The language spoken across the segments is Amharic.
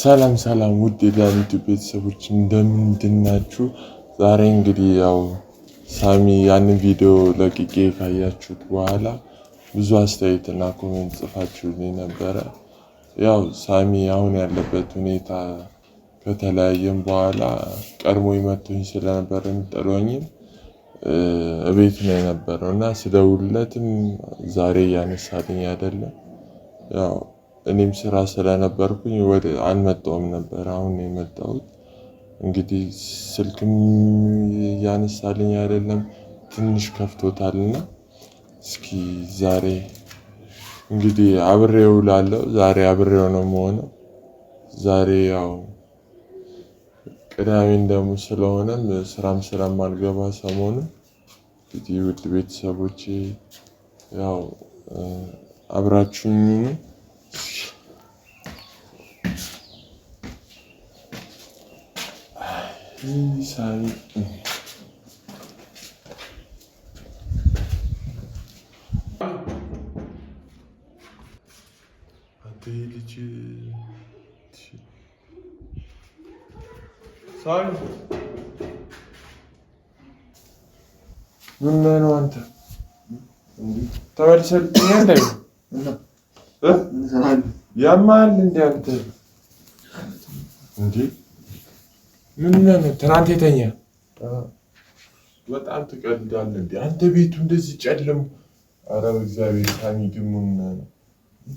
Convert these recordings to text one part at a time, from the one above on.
ሰላም ሰላም ውድ የዳኒቱ ቤተሰቦች እንደምንድናችሁ? ዛሬ እንግዲህ ያው ሳሚ ያንን ቪዲዮ ለቅቄ ካያችሁት በኋላ ብዙ አስተያየትና ኮሜንት ጽፋችሁልኝ ነበረ። ያው ሳሚ አሁን ያለበት ሁኔታ ከተለያየም በኋላ ቀድሞ ይመቶኝ ስለነበረ የሚጠሎኝም እቤት ነው የነበረው እና ስደውልለትም ዛሬ እያነሳልኝ አይደለም ያው እኔም ስራ ስለነበርኩኝ ወደ አልመጣሁም ነበር። አሁን የመጣውት የመጣሁት። እንግዲህ ስልክም እያነሳልኝ አይደለም፣ ትንሽ ከፍቶታልና እስኪ ዛሬ እንግዲህ አብሬው እውላለሁ። ዛሬ አብሬው ነው የምሆነው። ዛሬ ያው ቅዳሜን ደግሞ ስለሆነም ስራም ስለማልገባ ሰሞኑን እንግዲህ ውድ ቤተሰቦቼ ያው አብራችሁኝ Sabe? Adelici. Sabe? Bunlar ne Tabii sen neredeyim? ያማል እንዴ አንተ እንዴ ምን ነው ትናንት የተኛ በጣም ትቀልዳለህ እንዴ አንተ ቤቱ እንደዚህ ጨለም አረ በእግዚአብሔር ታሚ ደግሞ ምናምን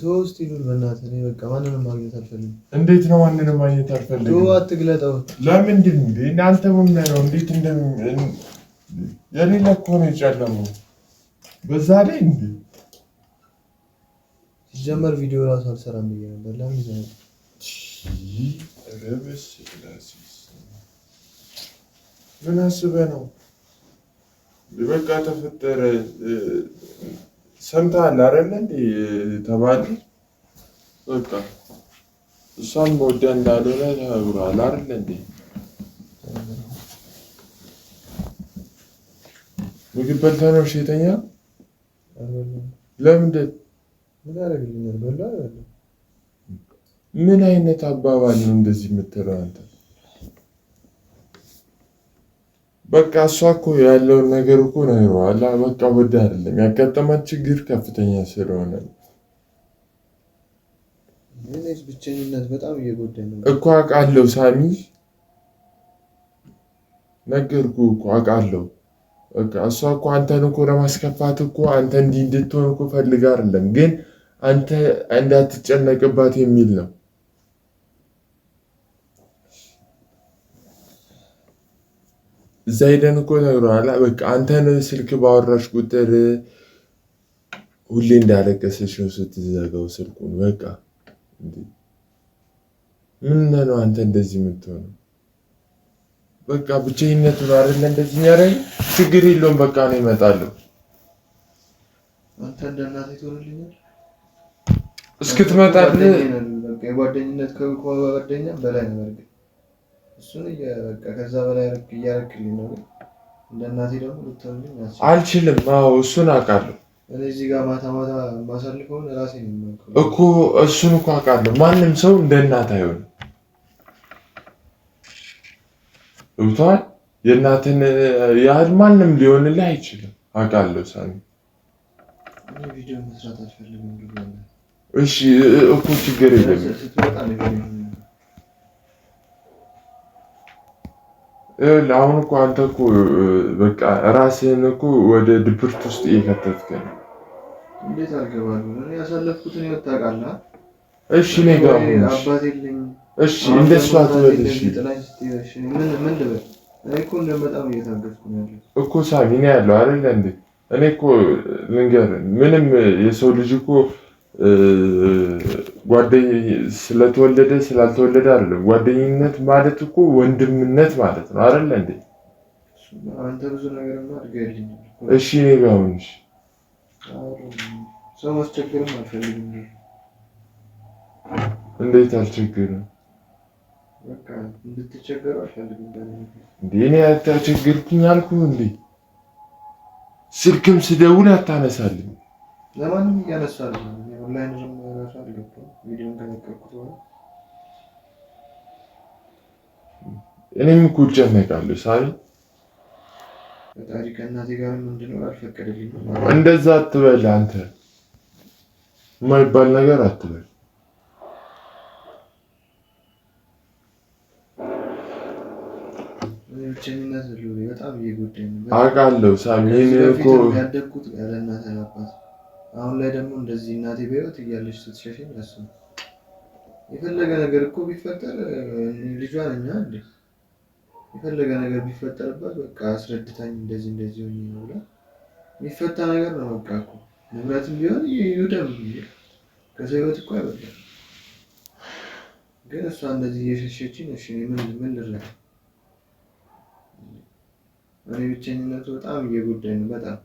ተወው እስኪ ሉል በእናትህ እኔ በቃ ማንንም ማግኘት አልፈልግም እንዴት ነው ማንንም ማግኘት አልፈልግም ዶ አትግለጠው ለምንድን እንዴ እናንተ ምን ነው እንዴት እንደም የሌለ እኮ ነው የጨለመው በዛ ላይ እንዴ ሲጀመር ቪዲዮ ራሱ አልሰራም ብዬ ነበር። ለምን ይዘህ ምን አስበህ ነው? በቃ ተፈጠረ። ሰምተሃል አይደለ እንዴ? ተባለ በቃ እሷም ወደ እንዳልሆነ ተብሯል አይደለ እንዴ? ምግብ በልተህ ነው የተኛ ለምንድን ምን ያደርግልኛል? በላ ምን አይነት አባባል ነው እንደዚህ የምትለው አንተ? በቃ እሷ እኮ ያለውን ነገር እኮ ነግረዋል። በቃ ወደ አይደለም ያጋጠማት ችግር ከፍተኛ ስለሆነ ብቸኝነት በጣም እየጎዳኝ ነው እኮ አውቃለሁ። ሳሚ ነገርኩህ እኮ አውቃለሁ። እሷ እኮ አንተን እኮ ለማስከፋት እኮ አንተ እንዲህ እንድትሆን እኮ ፈልጋ አይደለም ግን አንተ እንዳትጨነቅባት የሚል ነው። ዘይደን እኮ ነግሯላ። በቃ አንተን ስልክ ባወራሽ ቁጥር ሁሌ እንዳለቀሰች ነው ስትዘጋው ስልኩን። በቃ ምን ነው አንተ እንደዚህ የምትሆነው? በቃ ብቸኝነት ነው አይደለ? እንደዚህ ያደረግ ችግር የለውም። በቃ ነው ይመጣለሁ። አንተ እንደናት እናቴ ትሆንልኛል እስክትመጣ የጓደኝነት ከጓደኛ በላይ ነው። እርግጥ እሱን ከዛ በላይ እያረክልኝ ነው። እንደ እናቴ ደግሞ ልትሆንልኝ አልችልም። አዎ እሱን አውቃለሁ። እኔ እዚህ ጋር ማታ ማታ ማሳልፈውን ራሴ እኮ እሱን እኮ አውቃለሁ። ማንም ሰው እንደ እናት አይሆንም። እብቷል የእናትን ያህል ማንም ሊሆንልህ አይችልም። አውቃለሁ ሳሚ ቪዲዮ መስራት አልፈልግም እሺ እኮ ችግር የለም። አሁን እኮ አንተ እኮ በቃ ራስህን እኮ ወደ ድብርት ውስጥ እየከተትክ ነው። እንዴት አልገባህም? እኔ ያሳለፍኩትን ህይወት እሺ እኔ ጋር አባት የለኝ። እሺ እንደሷ ትበል። እሺ ምን ምን ልበል? እኔ እኮ እንደመጣም እየታገስኩ ነው ያለሁት እኮ ሳሚ ነው ያለው አይደል እንዴ? እኔ እኮ ልንገርህ፣ ምንም የሰው ልጅ እኮ ስለተወለደ ስላልተወለደ አይደለም። ጓደኝነት ማለት እኮ ወንድምነት ማለት ነው አይደለ እንዴ? አንተ ብዙ ነገር እሺ እኔ ሰው ማስቸገርም አልፈልግም። እንዴት አልቸገርም? በቃ እንድትቸገር አልፈልግም። እንዴ እኔ እንዴ? ስልክም ስደውል አታነሳልኝ ለማንም እያነሳ ኦንላይን ራሱ አልገባም። ቪዲዮን ከለቀኩት በኋላ እኔም እኮ እጨነቃለሁ። ሳይ ፈጣሪ ከእናቴ ጋር እንድኖር አልፈቀደልኝ። እንደዛ አትበል አንተ፣ የማይባል ነገር አትበል። ብቸኝነት በጣም እየጎዳኝ ነው። አውቃለሁ ሳሚ እኮ ያደግኩት ያለ እናት አባት አሁን ላይ ደግሞ እንደዚህ እናቴ በህይወት እያለች ስትሸሽኝ ያሱ የፈለገ ነገር እኮ ቢፈጠር ልጇን ነኛ እንደ የፈለገ ነገር ቢፈጠርበት በቃ አስረድታኝ እንደዚህ እንደዚህ ሆኜ ነው ብላ የሚፈታ ነገር ነው። በቃ እኮ ንብረትም ቢሆን ይውደም ከሰው ህይወት እኮ አይበላም። ግን እሷ እንደዚህ እየሸሸችኝ እሺ ምን ምን ልረዳ? እኔ ብቸኝነቱ በጣም እየጎዳኝ ነው በጣም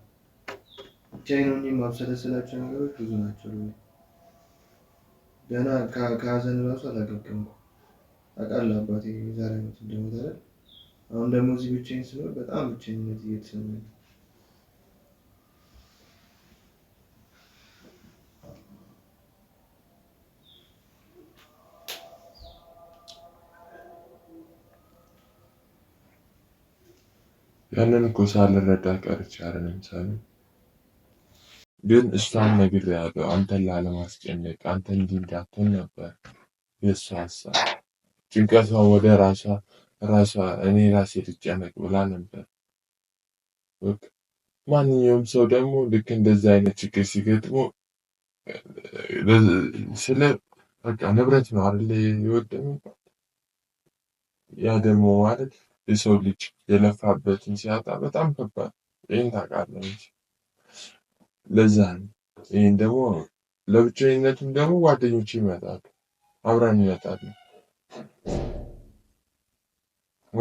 ብቻዬን ነው እንጂ ማብሰለሰላቸው ነገሮች ብዙ ናቸው። ገና ከሀዘን ራሱ አላገገምኩም። አቃል አባቴ የዛሬ ዓመት እንደሞታለ። አሁን ደግሞ እዚህ ብቻዬን ስኖር በጣም ብቸኝነት እየተሰማኝ ነው። ያንን እኮ ሳልረዳ ቀርቼ አይደለም ግን እሷን ያለው አንተን ላለማስጨነቅ አንተ እንዲህ እንዳትሆን ነበር የእሷ ሀሳብ። ጭንቀቷን ወደ ራሷ ራሷ እኔ ራሴ ልጨነቅ ብላ ነበር። ማንኛውም ሰው ደግሞ ልክ እንደዚህ አይነት ችግር ሲገጥሞ ስለ በቃ ንብረት ነው አለ የወደመው። ያ ደግሞ ማለት የሰው ልጅ የለፋበትን ሲያጣ በጣም ከባድ ይህን ታውቃለህ። ለዛ ነው። ይህን ደግሞ ለብቸኝነትም ደግሞ ጓደኞች ይመጣሉ፣ አብራን ይመጣሉ።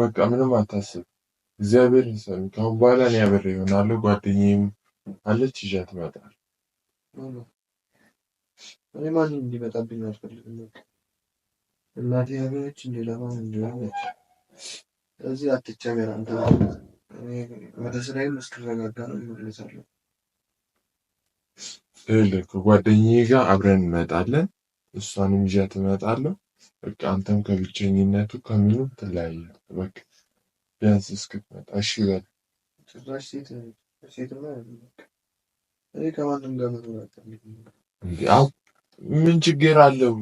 በቃ ምንም አታስብ፣ እግዚአብሔር ይሰሚ። ከአሁን በኋላ እኔ አብሬ ይሆናሉ። ጓደኛዬም አለች፣ ይዣ ትመጣል። እኔ ማንም እንዲመጣብኝ አልፈልግም። እናቴ ሀገሮች እንዲለማ እንዲሆነች ስለዚህ አትቸገር አንተ። ወደ ስራዬም እስክረጋጋ ነው ይመለሳለሁ። ይኸውልህ ከጓደኛዬ ጋር አብረን እንመጣለን እሷንም ይዣት እመጣለሁ። በቃ አንተም ከብቸኝነቱ ከምኑ ትለያየ። በቃ ቢያንስ እስክትመጣ እሺ በል። ምን ችግር አለው?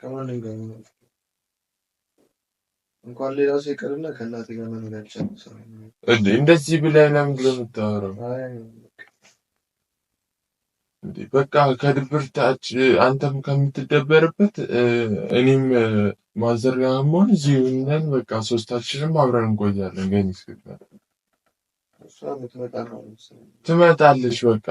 ከማንም ጋር መኖር እንኳን ሌላ ሰው ይቀርና ከእናቴ ጋር መኖር ያልቻለ ሰው እንደዚህ ብለህ ለምን ነው የምታወራው? እንዴ በቃ ከድብርታች አንተም ከምትደበርበት እኔም ማዘር መሆን እዚህ ሆነን በቃ ሶስታችንም አብረን እንቆያለን። ገኝ ትመጣለች በቃ